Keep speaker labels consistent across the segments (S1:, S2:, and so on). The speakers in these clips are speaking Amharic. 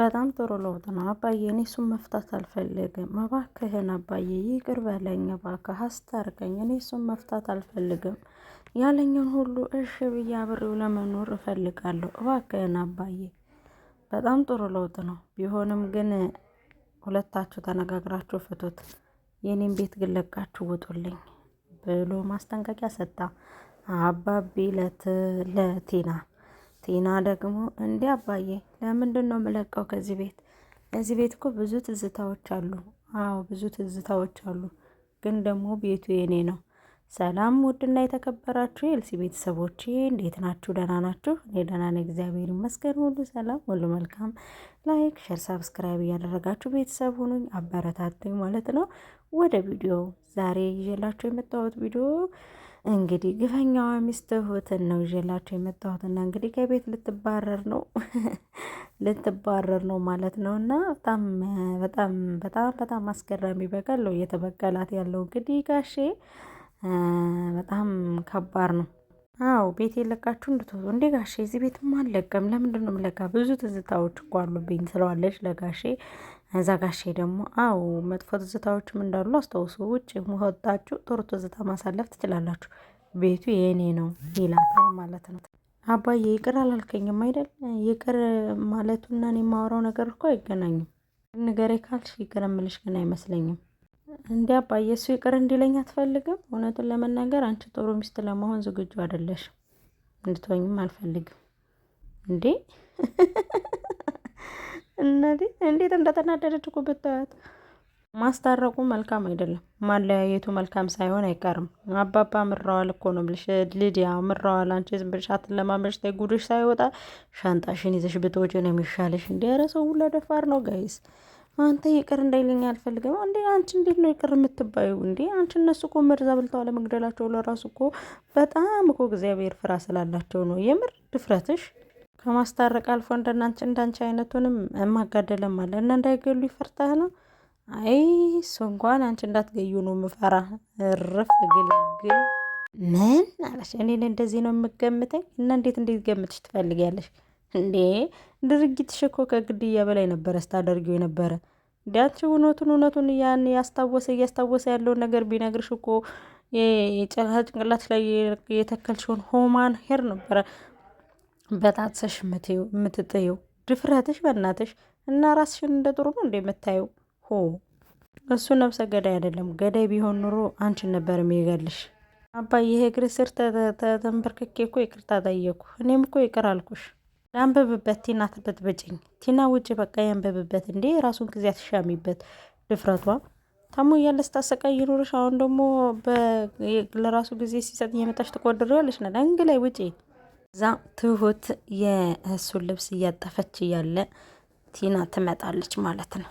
S1: በጣም ጥሩ ለውጥ ነው አባዬ እኔ እሱን መፍታት አልፈልግም። እባክህን አባዬ ይቅር በለኝ እባክህ አስታርቀኝ። እኔ እሱን መፍታት አልፈልግም። ያለኝን ሁሉ እሽ ብዬ አብሬው ለመኖር እፈልጋለሁ። እባክህን አባዬ በጣም ጥሩ ለውጥ ነው። ቢሆንም ግን ሁለታችሁ ተነጋግራችሁ ፍቱት። የኔን ቤት ግን ለቃችሁ ውጡልኝ ብሎ ማስጠንቀቂያ ሰጣ አባቢ ለቲና። ቲና ደግሞ እንዲ አባዬ ለምንድን ነው የምለቀው ከዚህ ቤት? እዚህ ቤት እኮ ብዙ ትዝታዎች አሉ። አዎ ብዙ ትዝታዎች አሉ፣ ግን ደግሞ ቤቱ የኔ ነው። ሰላም ውድና የተከበራችሁ የኤልሲ ቤተሰቦቼ እንዴት ናችሁ? ደህና ናችሁ? እኔ ደህና ነኝ፣ እግዚአብሔር ይመስገን። ሁሉ ሰላም፣ ሁሉ መልካም። ላይክ፣ ሸር፣ ሳብስክራይብ እያደረጋችሁ ቤተሰብ ሁኑኝ፣ አበረታቱኝ ማለት ነው። ወደ ቪዲዮ ዛሬ ይዤላችሁ የመጣሁት ቪዲዮ እንግዲህ ግፈኛዋ ሚስት ትሁትን ነው ይዤላቸው የመጣሁትና እንግዲህ ከቤት ልትባረር ነው ልትባረር ነው ማለት ነው። እና በጣም በጣም በጣም በጣም አስገራሚ በቀለው ነው እየተበቀላት ያለው እንግዲህ ጋሼ በጣም ከባድ ነው። አው ቤት የለቃችሁ እንድትወጡ እንዴ ጋሼ፣ እዚህ ቤትማ አልለቀም። ለምንድን ነው የምለቃ? ብዙ ትዝታዎች እኮ አሉብኝ ትለዋለች ለጋሼ እዛ ጋሼ ደግሞ አዎ መጥፎ ትዝታዎችም እንዳሉ አስታውሱ፣ ውጭ ወጣችሁ ጥሩ ትዝታ ማሳለፍ ትችላላችሁ፣ ቤቱ የእኔ ነው ይላታል ማለት ነው። አባዬ ይቅር አላልከኝም አይደል? ይቅር ማለቱና እኔ የማወራው ነገር እኮ አይገናኝም። ንገሬ ካልሽ ይቅር እምልሽ ግን አይመስለኝም። እንዲ አባዬ እሱ ይቅር እንዲለኝ አትፈልግም። እውነቱን ለመናገር አንቺ ጥሩ ሚስት ለመሆን ዝግጁ አይደለሽ እንድትሆኝም አልፈልግም እንዴ እነዚህ እንዴት እንደተናደደች እኮ ብታያት። ማስታረቁ መልካም አይደለም፣ ማለያየቱ መልካም ሳይሆን አይቀርም። አባባ ምራዋል እኮ ነው ብልሽ፣ ልዲያ ምራዋል። አንቺ ዝም ብልሽ አትለማመድሽ፣ ተይ ጉድሽ ሳይወጣ ሻንጣሽን ይዘሽ ብትወጪ ነው የሚሻለሽ። እንዲ ኧረ ሰው ሁላ ደፋር ነው ጋይስ። አንተ ይቅር እንዳይልኝ አልፈልግም። እንዴ አንቺ እንዴት ነው ይቅር የምትባዩ? እንዴ አንቺ እነሱ እኮ መርዛ ብልተው ለመግደላቸው ለራሱ እኮ በጣም እኮ እግዚአብሔር ፍራ ስላላቸው ነው። የምር ድፍረትሽ ከማስታረቅ አልፎ እንደናንቺ እንዳንቺ አይነቱንም እማጋደለም አለ እና እንዳይገሉ ይፈርታህ ነው። አይ እሱ እንኳን አንቺ እንዳትገዩ ነው ምፈራ። እርፍ ግልግል ምን አለሽ? እኔን እንደዚህ ነው የምገምተኝ? እና እንዴት እንዴት ገምትሽ ትፈልጊያለሽ እንዴ? ድርጊትሽ እኮ ከግድያ በላይ ነበረ ስታደርጊው የነበረ ዳንቺ እውነቱን እውነቱን ያን ያስታወሰ እያስታወሰ ያለውን ነገር ቢነግርሽ እኮ ጭንቅላት ላይ የተከልሽውን ሆማን ሄር ነበረ በጣጥሰሽ የምትጥይው ድፍረትሽ በእናትሽ እና ራስሽን እንደ ጥሩ ነው እንደ የምታየው ሆ እሱ ነብሰ ገዳይ አይደለም። ገዳይ ቢሆን ኑሮ አንቺን ነበር የሚገልሽ። አባ ይሄ እግር ስር ተተንበርክኬ እኮ ይቅርታ ጠየኩ። እኔም እኮ ይቅር አልኩሽ። ለአንብብበት ቲና ትበጥብጭኝ። ቲና ውጭ በቃ ያንብብበት እንዴ! ራሱን ጊዜ አትሻሚበት። ድፍረቷ ታሞ እያለ ስታሰቃይ ይኑርሽ። አሁን ደግሞ ለራሱ ጊዜ ሲሰጥ እየመጣሽ ትቆድሬዋለሽ። ነዳንግ ላይ ውጪ እዛ ትሁት የእሱን ልብስ እያጠፈች እያለ ቲና ትመጣለች ማለት ነው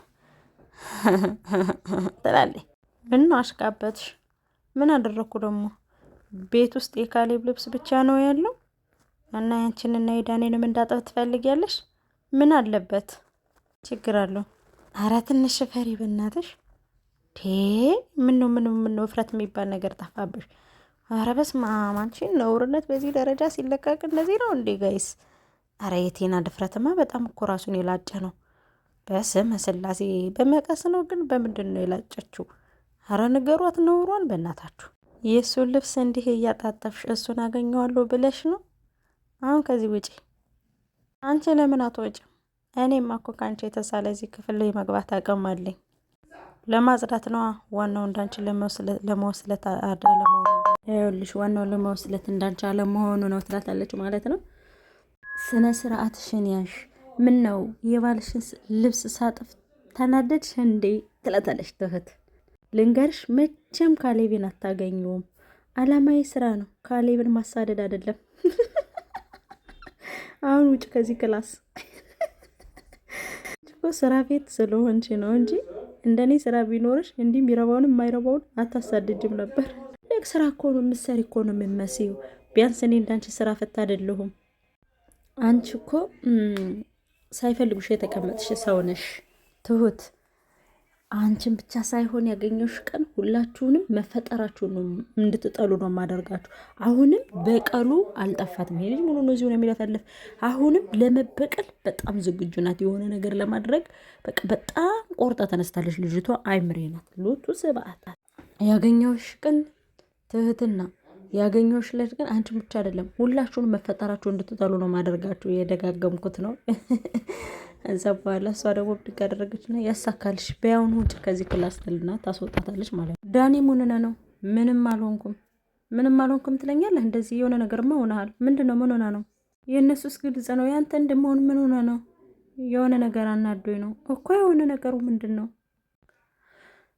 S1: ትላለች። ምነው አሽቃበትሽ? ምን አደረግኩ ደግሞ? ቤት ውስጥ የካሌብ ልብስ ብቻ ነው ያለው እና ያንቺንና የዳኔንም እንዳጠብ ትፈልጊያለሽ? ምን አለበት? ችግር አለው? አረ ትንሽ ፈሪ በናትሽ። ዴ ነው ምን ምን ውፍረት የሚባል ነገር ጠፋብሽ? አረ በስመ አብ አንቺ ነውርነት በዚህ ደረጃ ሲለቀቅ እንደዚህ ነው እንዴ ጋይስ? አረ የቴና ድፍረትማ በጣም እኮ ራሱን የላጨ ነው። በስመ ስላሴ በመቀስ ነው ግን በምንድን ነው የላጨችው? አረ ንገሯት ነውሯን በእናታችሁ። የእሱን ልብስ እንዲህ እያጣጠፍሽ እሱን አገኘዋለሁ ብለሽ ነው? አሁን ከዚህ ውጪ አንቺ ለምን አትወጭም? እኔማ እኮ ከአንቺ የተሳለ እዚህ ክፍል ላይ መግባት አቅም አለኝ። ለማጽዳት ነዋ ዋናው እንዳንቺ ለመወስለት አዳ ለመሆኑ ይኸውልሽ ዋናው ለመወስለት እንዳልቻለ መሆኑ ነው ትላታለች ማለት ነው። ስነ ስርዓትሽን ያሽ ምን ነው የባልሽን ልብስ ሳጥፍ ተናደድሽ እንዴ? ትላታለች ትሁት። ልንገርሽ መቼም ካሌቪን አታገኘውም። አላማዬ ስራ ነው፣ ካሌብን ማሳደድ አይደለም። አሁን ውጭ ከዚህ ክላስ ስራ ቤት ስለሆንሽ ነው እንጂ እንደኔ ስራ ቢኖርሽ እንዲህ የሚረባውን የማይረባውን አታሳድጅም ነበር። ትልቅ ስራ እኮ ነው የምትሰሪ እኮ ነው የምመስዩ። ቢያንስ እኔ እንዳንቺ ስራ ፈታ አይደለሁም። አንቺ እኮ ሳይፈልጉሽ የተቀመጥሽ ሰው ነሽ ትሁት። አንቺን ብቻ ሳይሆን ያገኘሽ ቀን ሁላችሁንም መፈጠራችሁ ነው እንድትጠሉ ነው የማደርጋችሁ። አሁንም በቀሉ አልጠፋትም። ይሄ ልጅ ሙሉ ነው እዚሁ ነው የሚለፈልፍ። አሁንም ለመበቀል በጣም ዝግጁ ናት። የሆነ ነገር ለማድረግ በጣም ቆርጣ ተነስታለች ልጅቷ። አይምሬ ናት ሎቱ ስብአታት ያገኘሽ ቀን ትህትና ያገኘሁሽ ልጅ ግን አንቺ ብቻ አይደለም ሁላችሁን መፈጠራችሁ እንድትጠሉ ነው ማደርጋችሁ። የደጋገምኩት ነው። እዛ በኋላ እሷ ደግሞ ብድግ አደረገችና ያሳካልሽ፣ በያውን ውጭ ከዚህ ክላስ ትልና ታስወጣታለች ማለት ነው። ዳኒ ሙንነ ነው ምንም አልሆንኩም፣ ምንም አልሆንኩም ትለኛለህ። እንደዚህ የሆነ ነገርማ ሆነሃል። ምንድን ነው? ምን ሆነ ነው? የእነሱስ ግልጽ ነው። ያንተ እንደመሆን ምን ሆነ ነው? የሆነ ነገር አናዶኝ ነው እኮ የሆነ ነገሩ ምንድን ነው?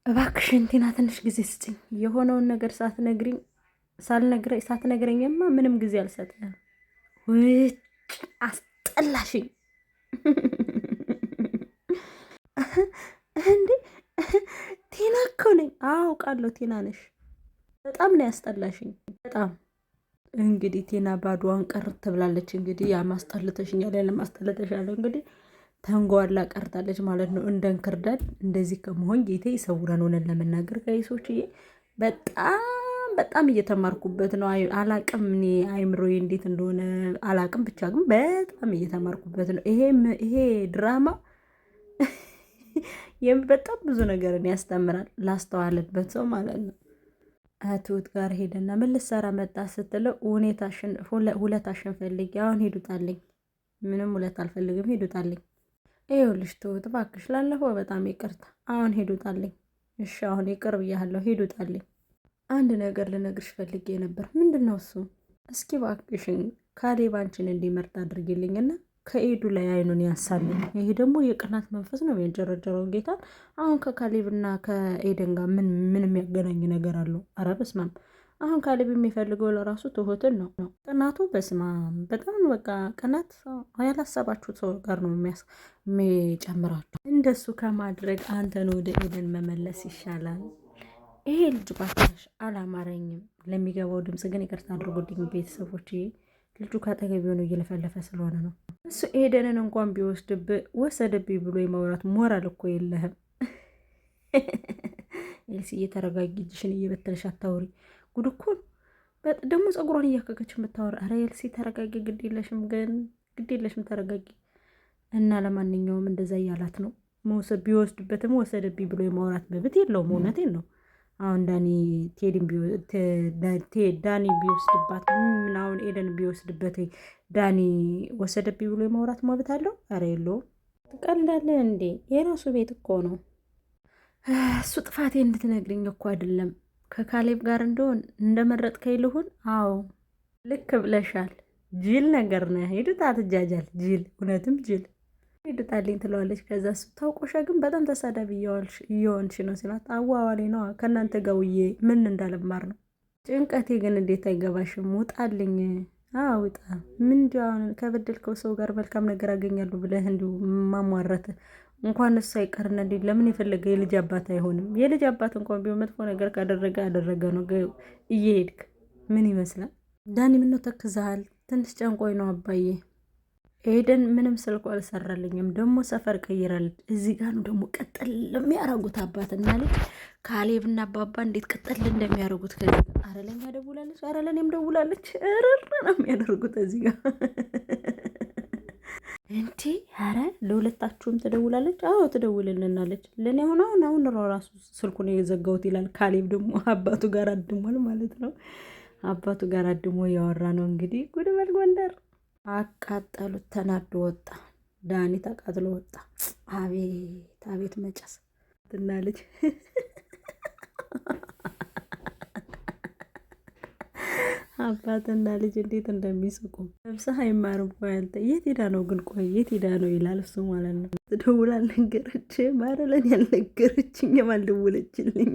S1: እባክሽን ቲና ትንሽ ጊዜ ስጭኝ። የሆነውን ነገር ሳትነግሪኝ ሳልነግረኝ ሳትነግረኝማ ምንም ጊዜ አልሰጥም። ውጭ አስጠላሽኝ እንዴ! ቲና እኮ ነኝ። አውቃለሁ ቲና ነሽ። በጣም ነው ያስጠላሽኝ። በጣም እንግዲህ ቲና ባዶዋን ቀርት ትብላለች። እንግዲህ ያማስጠልተሽኛል፣ ያለማስጠልተሻለሁ እንግዲህ ተንጓላ ቀርታለች ማለት ነው። እንደ እንክርዳድ እንደዚህ ከመሆን ጌቴ ይሰውረን። ሆነን ለመናገር ከይሶች በጣም በጣም እየተማርኩበት ነው። አላቅም እኔ አይምሮዬ እንዴት እንደሆነ አላቅም፣ ብቻ ግን በጣም እየተማርኩበት ነው። ይሄ ድራማ በጣም ብዙ ነገርን ያስተምራል ላስተዋለበት ሰው ማለት ነው። ትሁት ጋር ሄደና ምን ልትሰራ መጣ ስትለው ሁለት አሸንፈልግ አሁን ሂዱጣለኝ፣ ምንም ሁለት አልፈልግም፣ ሄዱታለኝ ልጅ ትሁት እባክሽ ላለፈው በጣም ይቅርታ። አሁን ሂድ ውጣልኝ። እሺ አሁን ይቅር ብያለሁ። ሂድ ውጣልኝ። አንድ ነገር ልነግርሽ ፈልጌ ነበር። ምንድን ነው እሱ? እስኪ እባክሽን ካሌብ አንቺን እንዲመርጥ አድርጊልኝና ከኤዱ ላይ አይኑን ያሳልኝ። ይሄ ደግሞ የቅናት መንፈስ ነው የሚያንጀረጀረው ጌታ አሁን ከካሌብና ከኤደን ጋር ምን ምን የሚያገናኝ ነገር አለው? አረ በስመ አብ አሁን ካሌብ የሚፈልገው ለራሱ ትሁትን ነው ነው ቅናቱ በስማ በጣም በቃ ቅናት ያላሰባችሁ ሰው ጋር ነው የሚያስ የሚጨምራቸው እንደሱ ከማድረግ አንተን ወደ ኤደን መመለስ ይሻላል። ይሄ ልጅ ባታሽ አላማረኝም። ለሚገባው ድምፅ ግን ይቅርታ አድርጉልኝ ቤተሰቦች። ልጁ ካጠገቢ ሆኖ እየለፈለፈ ስለሆነ ነው። እሱ ኤደንን እንኳን ቢወስድብ ወሰደብ ብሎ የማውራት ሞራል እኮ የለህም። ኤልሲ እየተረጋጊ እጅሽን እየበተንሽ አታውሪ። ጉድ እኮ ነው። ደግሞ ፀጉሯን እያከከች የምታወራ ኧረ ኤልሲ ተረጋጊ፣ ግድ የለሽም ግን ግድ የለሽም ተረጋጊ። እና ለማንኛውም እንደዛ እያላት ነው። መውሰድ ቢወስድበትም ወሰደብኝ ብሎ የማውራት መብት የለውም። እውነቴን ነው። አሁን ዳኒ ቴዲን ዳኒ ቢወስድባት ምን አሁን ኤደን ቢወስድበት ዳኒ ወሰደብኝ ብሎ የማውራት መብት አለው? ኧረ የለውም። ትቀልዳለህ እንዴ? የራሱ ቤት እኮ ነው እሱ። ጥፋቴ እንድትነግሪኝ እኮ አይደለም ከካሌብ ጋር እንደሆን እንደመረጥከኝ ልሁን? አዎ ልክ ብለሻል። ጅል ነገር ነ ሂድጣ ትጃጃል። ጅል እውነትም ጅል ሂድጣልኝ ትለዋለች። ከዛ ሱ ታውቆሻ ግን በጣም ተሳዳቢ እየሆንሽ ነው ሲላት አዋዋሌ ነዋ ከእናንተ ጋር ውዬ ምን እንዳለማር ነው ጭንቀቴ ግን እንዴት አይገባሽም? ውጣልኝ። አውጣ ምን እንዲሁ አሁን ከበደልከው ሰው ጋር መልካም ነገር አገኛሉ ብለህ እንዲሁ ማሟረት እንኳን እሱ አይቀርና እንዲ ለምን የፈለገ የልጅ አባት አይሆንም? የልጅ አባት እንኳን ቢሆን መጥፎ ነገር ካደረገ አደረገ ነው። እየሄድክ ምን ይመስላል? ዳኒ ምነው ተክዘሃል? ትንሽ ጨንቆይ ነው አባዬ። ኤደን ምንም ስልኩ አልሰራልኝም። ደግሞ ሰፈር ቀይራል። እዚህ ጋር ነው ደግሞ ቀጠል ለሚያረጉት አባት እና ልጅ ካሌብና አባባ እንዴት ቀጠል እንደሚያደርጉት ከዚ አረለኛ አረ ለኛ ደውላለች፣ አረ ደውላለች። እርር ነው የሚያደርጉት እዚህ ጋር እንቲ ኧረ ለሁለታችሁም ትደውላለች? አዎ ትደውልልናለች። ለእኔ ሆነ አሁን አሁን ራሱ ስልኩን የዘጋሁት ይላል። ካሌብ ደግሞ አባቱ ጋር አድሟል ማለት ነው። አባቱ ጋር አድሞ እያወራ ነው እንግዲህ። ጉድበል ጎንደር አቃጠሉት። ተናዶ ወጣ ዳኒ፣ ተቃጥሎ ወጣ። አቤት አቤት መጨስ ትናለች አባትና ልጅ እንዴት እንደሚስቁ ለብሰህ አይማርም። ቆይ የት ሄዳ ነው ግን? ቆይ የት ሄዳ ነው ይላል እሱ ማለት ነው። ደውላ አልነገረችም ማለለን ያልነገረችኝም አልደወለችልኝ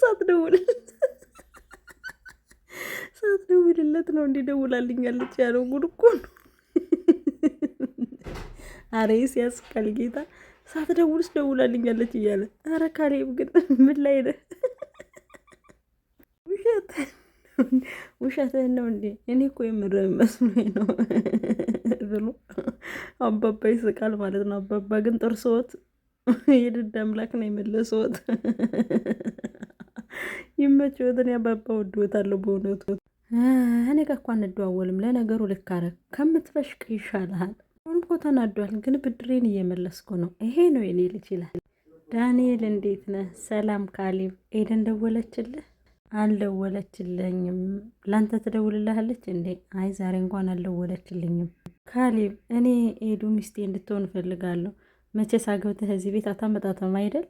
S1: ሳትደውልለት ሳትደውልለት ነው እንዴ ደውላልኛለች ያለው። ጉድ እኮ ነው። አሬ ሲያስቃል ጌታ። ሳትደውልስ ደውላልኛለች እያለ አረ ካሌብ ግን ምን ላይ ነህ? ውሸትህን ነው እንዴ? እኔ እኮ የምር መስሎኝ ነው ብሎ አባባ ይስቃል ማለት ነው። አባባ ግን ጥርስዎት የድድ አምላክ ነው የመለሰዎት። ይመችዎት። እኔ አባባ ወድዎታለሁ በእውነቱ። እኔ ጋር እኮ አንደዋወልም። ለነገሩ ልካረግ አደረግ፣ ከምትበሽቅ ይሻልሃል። አሁን እኮ ተናዷል፣ ግን ብድሬን እየመለስኩ ነው። ይሄ ነው የኔ ልጅ ይላል። ዳንኤል እንዴት ነህ? ሰላም ካሊብ ኤደን ደወለችልህ? አልደወለችልኝም። ላንተ ትደውልልሃለች እንዴ? አይ ዛሬ እንኳን አልደወለችልኝም። ካሌብ እኔ ኤዱ ሚስቴ እንድትሆን እፈልጋለሁ። መቼ ሳገብተህ እዚህ ቤት አታመጣተም አይደል?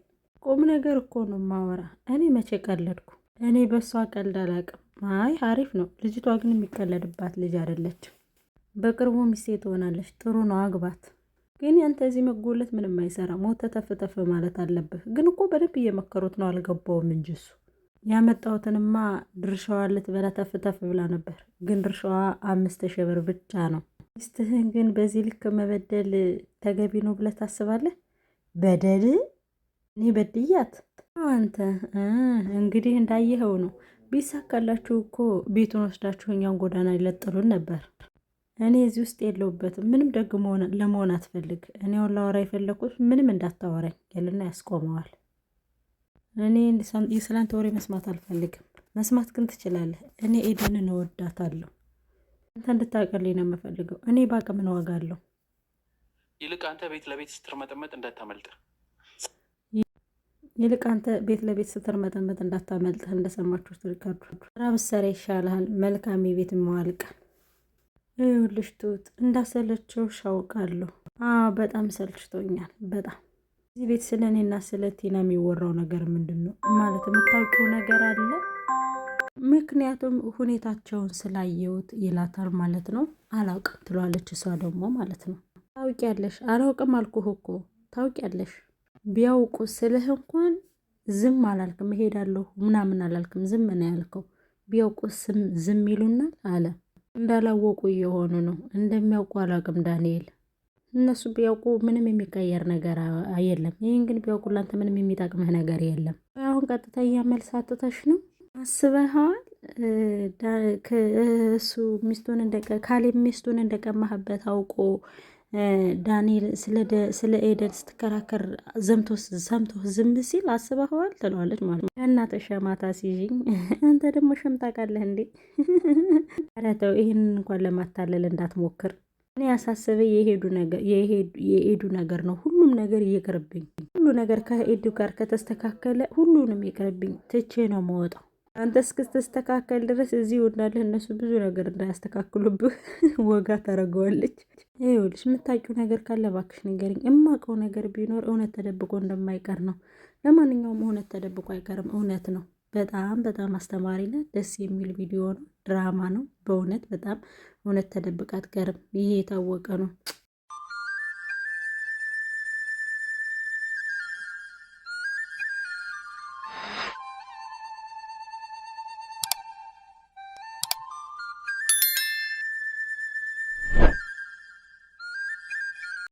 S1: ቁም ነገር እኮ ነው ማወራ። እኔ መቼ ቀለድኩ? እኔ በሷ ቀልድ አላቅም። አይ አሪፍ ነው። ልጅቷ ግን የሚቀለድባት ልጅ አይደለችም። በቅርቡ ሚስቴ ትሆናለች። ጥሩ ነው አግባት። ግን ያንተ እዚህ መጎለት ምንም አይሰራ። ሞት ተፍ ማለት አለብህ። ግን እኮ በደንብ እየመከሩት ነው። አልገባውም እንጂ እሱ ያመጣሁትንማ ድርሻዋ ልትበላ ተፍ ተፍ ብላ ነበር፣ ግን ድርሻዋ አምስት ሺህ ብር ብቻ ነው። ሚስትህን ግን በዚህ ልክ መበደል ተገቢ ነው ብለህ ታስባለህ? በደል እኔ በድያት? አንተ እንግዲህ እንዳየኸው ነው። ቢሳካላችሁ እኮ ቤቱን ወስዳችሁ እኛን ጎዳና ይለጥሉን ነበር። እኔ እዚህ ውስጥ የለውበት ምንም ደግ ለመሆን አትፈልግ። እኔውን ላወራ የፈለግኩት ምንም እንዳታወራኝ ይልና ያስቆመዋል። እኔ የስላንተ ወሬ መስማት አልፈልግም። መስማት ግን ትችላለህ። እኔ ኤደንን እወዳታለሁ። አንተ እንድታቀልኝ ነው የምፈልገው። እኔ ባቅ ምን ዋጋ አለሁ? ይልቅ አንተ ቤት ለቤት ስትርመጠመጥ እንዳታመልጥ ይልቅ አንተ ቤት ለቤት ስትርመጠመጥ እንዳታመልጥህ። እንደሰማችሁ ሪካርዱ ስራ ብትሰራ ይሻልሃል። መልካም የቤት መዋልቃል ይኸውልሽ፣ ትሁት እንዳሰለችው ሻውቃለሁ። አዎ በጣም ሰልችቶኛል፣ በጣም እዚህ ቤት ስለ እኔና ስለ ቲና የሚወራው ነገር ምንድን ነው ማለት የምታውቂው ነገር አለ? ምክንያቱም ሁኔታቸውን ስላየሁት ይላታል ማለት ነው። አላውቅም ትለዋለች እሷ ደግሞ ማለት ነው። ታውቂያለሽ፣ አላውቅም አልኩህ እኮ ታውቂያለሽ። ቢያውቁ ስልህ እንኳን ዝም አላልክም፣ እሄዳለሁ ምናምን አላልክም። ዝም ነው ያልከው። ቢያውቁ ዝም ይሉናል አለ። እንዳላወቁ እየሆኑ ነው። እንደሚያውቁ አላውቅም ዳንኤል እነሱ ቢያውቁ ምንም የሚቀየር ነገር የለም። ይህን ግን ቢያውቁ ላንተ ምንም የሚጠቅምህ ነገር የለም። አሁን ቀጥተኛ መልስ አትተሽ ነው አስበሃል። እሱ ሚስቱን ካሌብ ሚስቱን እንደቀማህበት አውቆ ዳንኤል ስለ ኤደን ስትከራከር ዘምቶ ዘምቶ ዝም ሲል አስበኸዋል ትለዋለች ማለት ነው። እናትሽ ማታ ሲዥኝ አንተ ደግሞ ሸምጣቃለህ እንዴ? ኧረ ተው፣ ይህንን እንኳን ለማታለል እንዳትሞክር። እኔ ያሳሰበ የኤዱ ነገር ነው። ሁሉም ነገር ይቅርብኝ። ሁሉ ነገር ከኤዱ ጋር ከተስተካከለ ሁሉንም ይቅርብኝ፣ ትቼ ነው መወጣው። አንተ እስክትስተካከል ድረስ እዚህ እንዳለህ እነሱ ብዙ ነገር እንዳያስተካክሉብህ ወጋ ታደርገዋለች። ይኸውልሽ የምታውቂው ነገር ካለ እባክሽ ንገሪኝ። የማውቀው ነገር ቢኖር እውነት ተደብቆ እንደማይቀር ነው። ለማንኛውም እውነት ተደብቆ አይቀርም፣ እውነት ነው። በጣም በጣም አስተማሪና ደስ የሚል ቪዲዮ ነው። ድራማ ነው። በእውነት በጣም እውነት ተደብቃት ገርም ይሄ የታወቀ ነው።